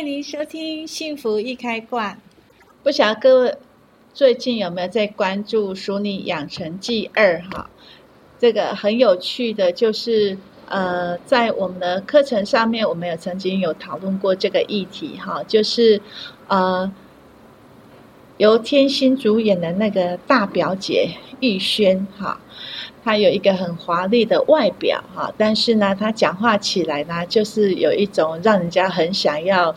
歡迎收聽《幸福易開罐》，不曉得各位最近有沒有在關注《俗女養成記二》哈？這個很有趣的，就是呃，在我們的課程上面，我們有曾經有討論過這個議題哈，就是呃，由天心主演的那個大表姐育萱哈。好他有一個很華麗的外表，哈，但是呢，他講話起來呢，就是有一種讓人家很想要，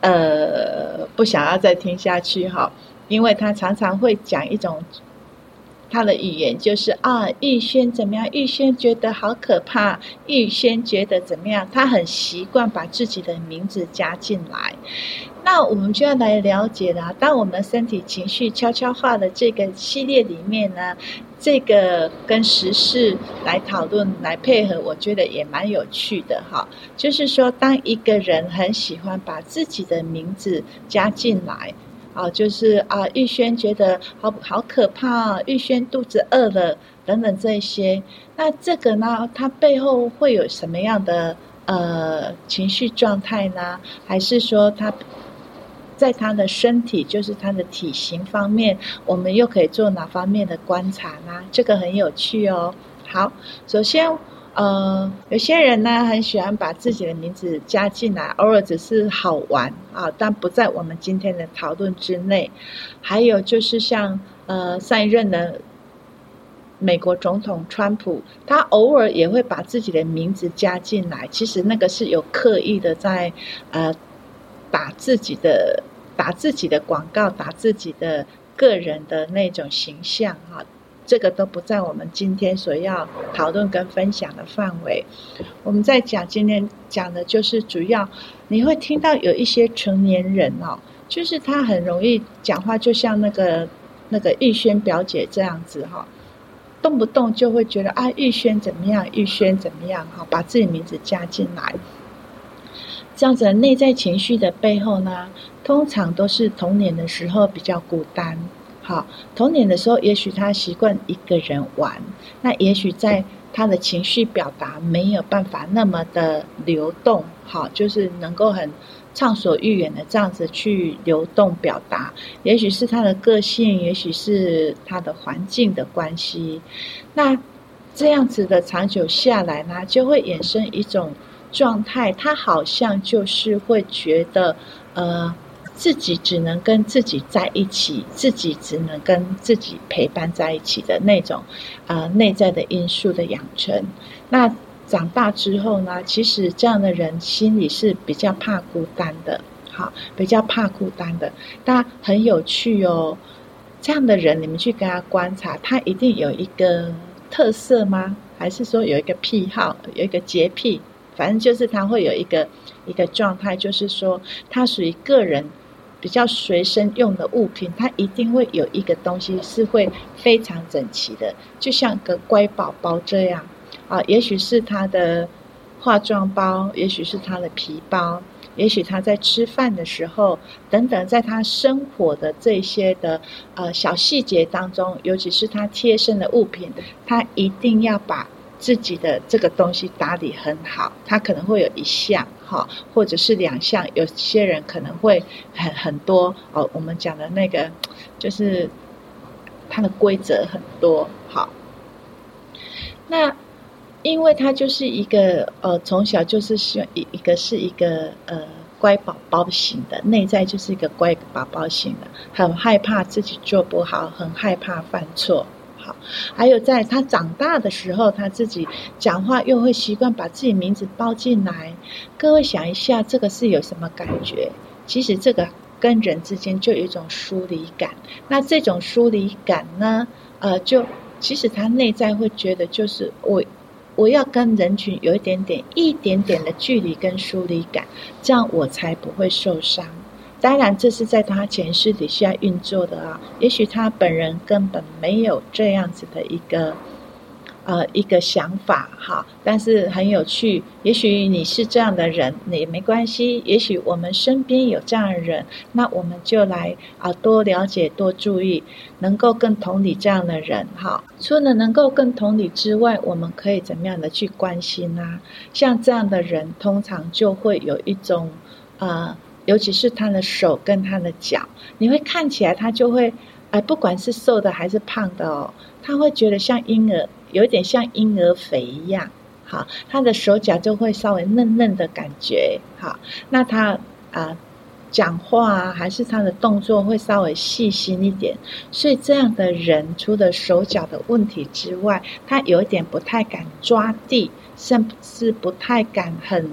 呃，不想要再聽下去，哈，因為他常常會講一種。他的語言就是啊，育萱怎麼樣？育萱覺得好可怕。育萱覺得怎麼樣？他很習慣把自己的名字加進來。那我們就要來了解了。當我們身體情緒悄悄話的這個系列裡面呢，這個跟時事來討論來配合，我覺得也蠻有趣的哈。就是說，當一個人很喜歡把自己的名字加進來。啊，就是啊，育萱覺得好好可怕，啊，育萱肚子餓了等等這些。那這個呢，他背後會有什麼樣的呃情緒狀態呢？還是說他在他的身體，就是他的體型方面，我們又可以做哪方面的觀察呢？這個很有趣哦。好，首先。呃，有些人呢很喜歡把自己的名字加進來，偶爾只是好玩啊，但不在我們今天的討論之內。還有就是像呃上一任的美國總統川普，他偶爾也會把自己的名字加進來，其實那個是有刻意的在呃打自己的打自己的廣告，打自己的個人的那種形象哈。啊這個都不在我們今天所要討論跟分享的範圍。我們在講今天講的就是主要，你會聽到有一些成年人哦，就是他很容易講話，就像那個那個育萱表姐這樣子哈，動不動就會覺得啊，育萱怎麼樣，育萱怎麼樣哈，把自己名字加進來。這樣子內在情緒的背後呢，通常都是童年的時候比較孤單。好，童年的時候，也許他習慣一個人玩，那也許在他的情緒表達沒有辦法那麼的流動，好，就是能夠很暢所欲言的這樣子去流動表達，也許是他的個性，也許是他的環境的關係，那這樣子的長久下來呢，就會衍生一種狀態，他好像就是會覺得，呃。自己只能跟自己在一起，自己只能跟自己陪伴在一起的那種，啊、呃，內在的因素的養成。那長大之後呢？其實這樣的人心裡是比較怕孤單的，好，比較怕孤單的。但很有趣哦，這樣的人你們去跟他觀察，他一定有一個特色嗎？還是說有一個癖好，有一個潔癖？反正就是他會有一個一個狀態，就是說他屬於個人。比較隨身用的物品，它一定會有一個東西是會非常整齊的，就像個乖寶寶這樣啊、呃。也許是他的化妝包，也許是他的皮包，也許他在吃飯的時候等等，在他生活的這些的呃小細節當中，尤其是他貼身的物品，他一定要把自己的這個東西打理很好。他可能會有一項。好，或者是兩項，有些人可能會很很多哦。我們講的那個，就是他的規則很多。好，那因為他就是一個呃，從小就是喜歡一一個是一個呃乖寶寶型的，內在就是一個乖寶寶型的，很害怕自己做不好，很害怕犯錯。還有在他長大的時候，他自己講話又會習慣把自己名字包進來。各位想一下，這個是有什麼感覺？其實這個跟人之間就有一種疏離感。那這種疏離感呢，呃，就其實他內在會覺得，就是我我要跟人群有一點點、一點點的距離跟疏離感，這樣我才不會受傷。當然，這是在他前世底下運作的啊。也許他本人根本沒有這樣子的一個，呃，一個想法哈。但是很有趣，也許你是這樣的人，你也沒關係。也許我們身邊有這樣的人，那我們就來啊，多了解、多注意，能夠更同理這樣的人哈。除了能夠更同理之外，我們可以怎麼樣的去關心呢？啊？像這樣的人，通常就會有一種啊。呃尤其是他的手跟他的腳，你會看起來他就會唉，不管是瘦的還是胖的哦，他會覺得像嬰兒，有點像嬰兒肥一樣。好，他的手腳就會稍微嫩嫩的感覺。好，那他、呃、講啊，講話還是他的動作會稍微細心一點。所以這樣的人，除了手腳的問題之外，他有點不太敢抓地，甚至不太敢很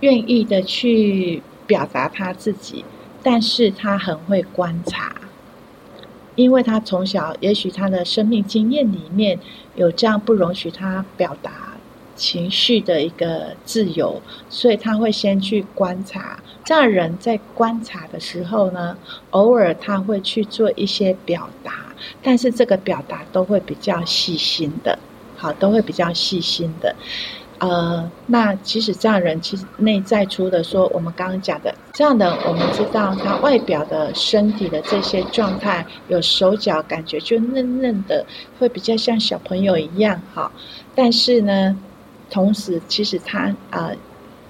願意的去。表達他自己，但是他很會觀察，因為他從小也許他的生命經驗裡面有這樣不容許他表達情緒的一個自由，所以他會先去觀察。這樣人在觀察的時候呢，偶爾他會去做一些表達，但是這個表達都會比較細心的。好，都會比較細心的。呃，那其實這樣的人其實內在出的說，說我們剛剛講的這樣的，我們知道他外表的身體的這些狀態，有手腳感覺就嫩嫩的，會比較像小朋友一樣哈。但是呢，同時其實他啊、呃，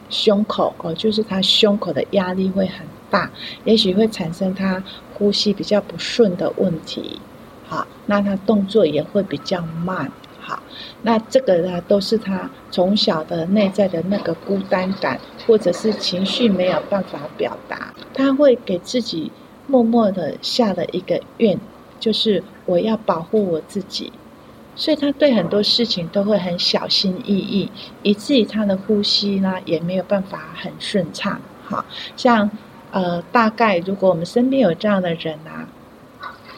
胸口哦，就是他胸口的壓力會很大，也許會產生他呼吸比較不順的問題。好，那他動作也會比較慢。好，那這個呢，都是他從小的內在的那個孤單感，或者是情緒沒有辦法表達，他會給自己默默的下了一個願，就是我要保護我自己，所以他對很多事情都會很小心翼翼，以至於他的呼吸呢也沒有辦法很順暢。好像呃，大概如果我們身邊有這樣的人啊，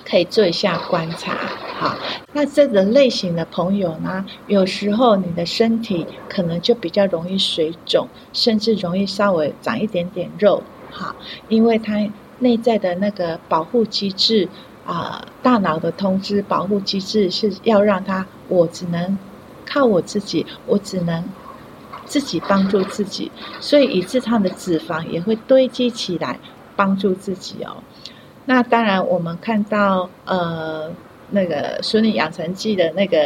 可以做一下觀察。好，那這個類型的朋友呢，有時候你的身體可能就比較容易水腫，甚至容易稍微長一點點肉。好，因為他內在的那個保護機制啊、呃，大腦的通知保護機制是要讓他我只能靠我自己，我只能自己幫助自己，所以以致他的脂肪也會堆積起來幫助自己哦。那當然，我們看到呃。那個《俗女養成記》的那個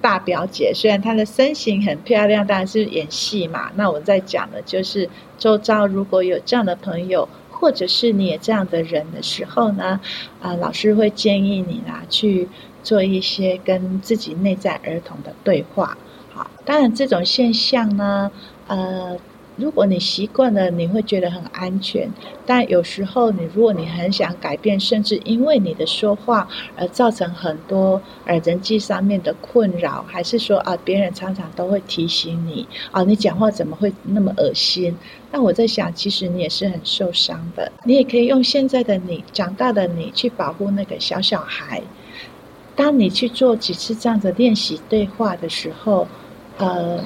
大表姐，雖然她的身形很漂亮，當然是演戲嘛。那我在講的就是，周遭如果有這樣的朋友，或者是你也這樣的人的時候呢，啊、呃，老師會建議你呢，去做一些跟自己內在兒童的對話。好，當然這種現象呢，呃。如果你習慣了，你會覺得很安全。但有時候，你如果你很想改變，甚至因為你的說話而造成很多呃人際上面的困擾，還是說啊，別人常常都會提醒你啊，你講話怎麼會那麼噁心？那我在想，其實你也是很受傷的。你也可以用現在的你，長大的你去保護那個小小孩。當你去做幾次這樣的練習對話的時候，呃。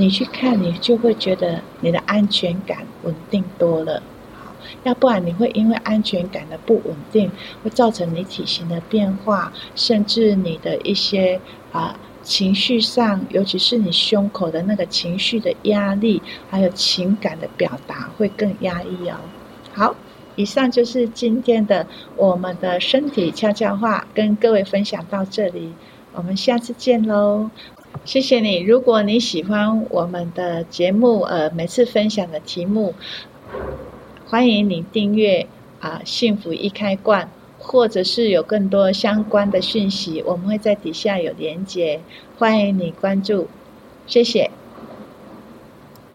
你去看，你就會覺得你的安全感穩定多了。好，要不然你會因為安全感的不穩定，會造成你體型的變化，甚至你的一些啊、呃、情緒上，尤其是你胸口的那個情緒的壓力，還有情感的表達會更壓抑哦。好，以上就是今天的我們的身體悄悄話，跟各位分享到這裡，我們下次見嘍。謝謝你。如果你喜歡我們的節目，呃，每次分享的題目，歡迎你訂閱啊，幸福易開罐，或者是有更多相關的訊息，我們會在底下有連結，歡迎你關注，謝謝。